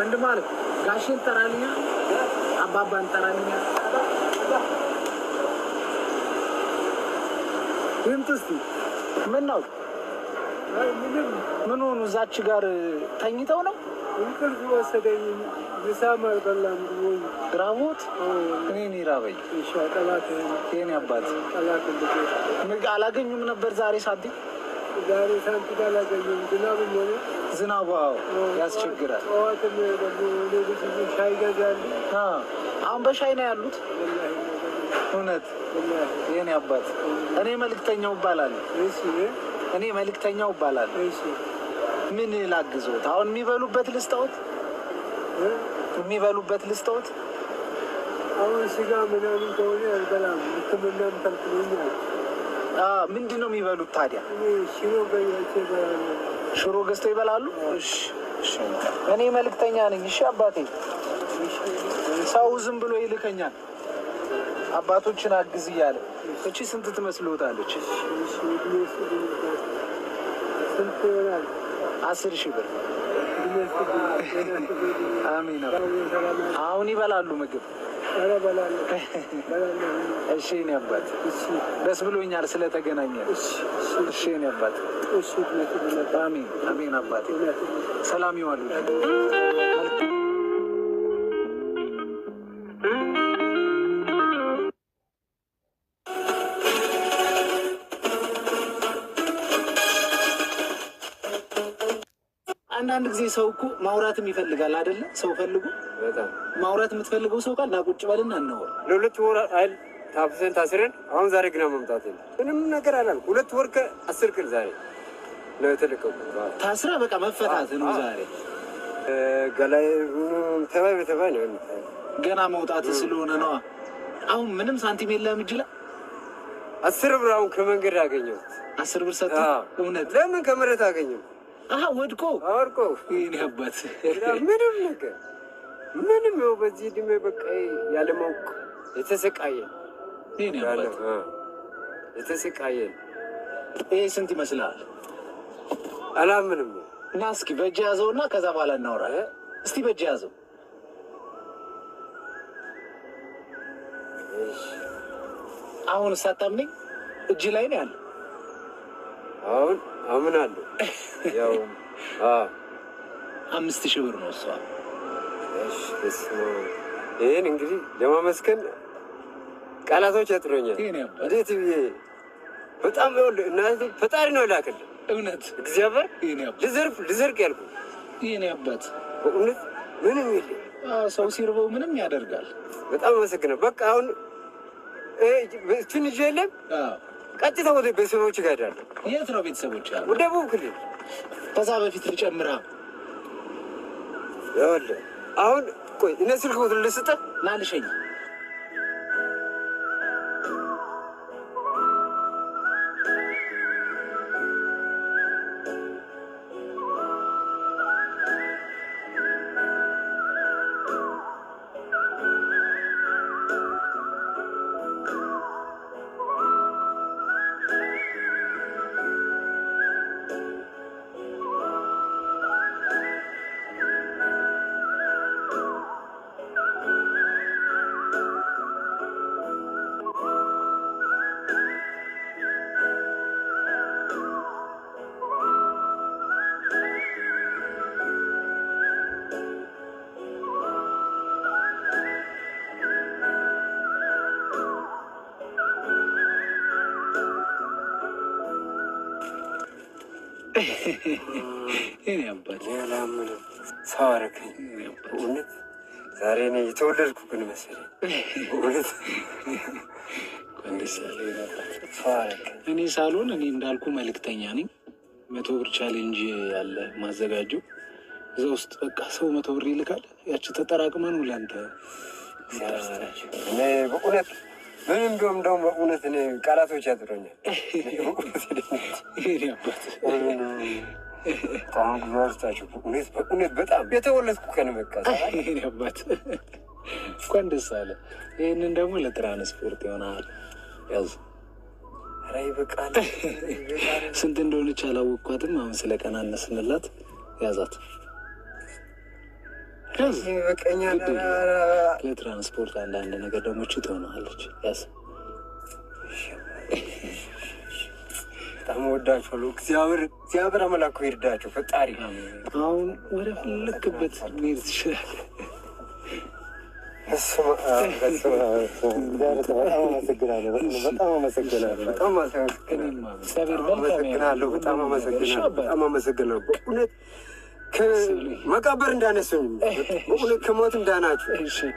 ወንድ ማለት ጋሽን ጠራልኛ፣ አባባን ጠራልኛ። ይምጡ እስኪ። ምን ነው ምን ሆኑ? እዛች ጋር ተኝተው ነው። እንቅልፍ ወሰደኝ። ምሳም አልበላም። ራቦት እኔ እኔ ራበኝ። ጠላት የእኔ አባት አላገኙም ነበር ዛሬ ሳዲ ዛሬ ሳንቲም አላገኘሁም። ዝናብም ሆነ ዝናቡ ያስቸግራል። ጠዋትም ደግሞ ሻይ ገዛሉ። አሁን በሻይ ነው ያሉት። እውነት የኔ አባት እኔ መልእክተኛው እባላለሁ። እኔ መልእክተኛው እባላለሁ። ምን ላግዞት? አሁን የሚበሉበት ልስጠውት፣ የሚበሉበት ልስጠውት። አሁን ስጋ ምናምን ከሆነ አልበላም። ሕክምናም ከልክሎኛል። ምንድን ነው የሚበሉት ታዲያ? ሽሮ ገዝተው ይበላሉ። እኔ መልእክተኛ ነኝ። እሺ አባቴ፣ ሰው ዝም ብሎ ይልከኛል አባቶችን አግዝ እያለ። እቺ ስንት ትመስልታለች? አስር ሺህ ብር። አሚን። አሁን ይበላሉ ምግብ እሺ የእኔ አባት ደስ ብሎኛል ስለተገናኘ። እሺ የእኔ አባት አሜን አሜን። አባቴ ሰላም ይዋሉ። አንዳንድ ጊዜ ሰው እኮ ማውራትም ይፈልጋል አይደለ? ሰው ፈልጉ ማውራት የምትፈልገው ሰው ቃል ናቁጭ በልን እናወራ። ለሁለት ወር አይል ታፍሰን ታስረን፣ አሁን ዛሬ ግና መምጣት ምንም ነገር አላል። ሁለት ወር ከአስር ቀን ዛሬ ነው የተለቀቁት። ታስራ በቃ መፈታት ነው ዛሬ። ገላይ ተባይ በተባይ ነው ገና መውጣት ስለሆነ ነዋ። አሁን ምንም ሳንቲም የለም እጅ ላይ አስር ብር አሁን ከመንገድ አገኘሁት። አስር ብር ሰጥተህ እውነት ለምን ከመሬት አገኘሁት ወድቆ ወድቆ አባት ምንም ነገር ምንም ው በዚህ እድሜ በቃ ያለማወቅ የተሰቃየን የተሰቃየን። ይህ ስንት ይመስላል? አላምንም እና እስኪ በእጅ ያዘው እና ከዛ በኋላ እናወራለን። እስቲ በእጅ ያዘው አሁን ሳታምነኝ እጅ ላይ ነው ያለው አሁን አምናለሁ። ያው አምስት ሺህ ብር ነው እሷ። ይህን እንግዲህ ለማመስገን ቃላቶች ያጥሮኛል። እንዴት ብዬ በጣም ፈጣሪ ነው ላክልህ። እውነት እግዚአብሔር ልዘርፍ ልዘርቅ ያልኩ ይህን ያበት በእውነት ምንም የለ ሰው ሲርበው ምንም ያደርጋል። በጣም አመሰግናለሁ። በቃ አሁን ትንሽ የለም ቀጥታ ወደ ቤተሰቦች ጋር እሄዳለሁ። የት ነው ቤተሰቦች? ያሉ? ደቡብ ክልል። ከዛ በፊት ልጨምራ አሁን ቆይ፣ እነ ስልክ ቁጥር ልስጠን ላልሸኝ እኔ ዛሬ እኔ የተወለድኩ ግን መሰለኝ። እኔ ሳልሆን እኔ እንዳልኩ መልእክተኛ ነኝ። መቶ ብር ቻሌንጅ ያለ ማዘጋጀው እዛ ውስጥ በቃ ሰው መቶ ብር ይልካል። ያቺ ተጠራቅመ ነው ለአንተ በእውነት ምን እንደውም እንደውም በእውነት ቃላቶች ያጥሮኛል። በጣም በእውነት በእውነት በጣም የተወለድኩ ቀን በቃ አባት እንኳን ደስ አለ። ይህንን ደግሞ ለትራንስፖርት ይሆናል ያዝ ስንት እንደሆነች አላወቅኳትም። አሁን ስለ ቀናነስንላት ያዛት ለትራንስፖርት አንዳንድ ነገር ደግሞ ች ትሆናለች። በጣም ወዳችኋለሁ። እግዚአብሔር እግዚአብሔር አምላክ ይርዳቸው። ፈጣሪ አሁን ወደ ፈለክበት ሜድ ትችላል። በጣም አመሰግናለሁ። በጣም አመሰግናለሁ። በጣም አመሰግናለሁ በእውነት መቃብር እንዳነሰው ከሞት እንዳናችሁ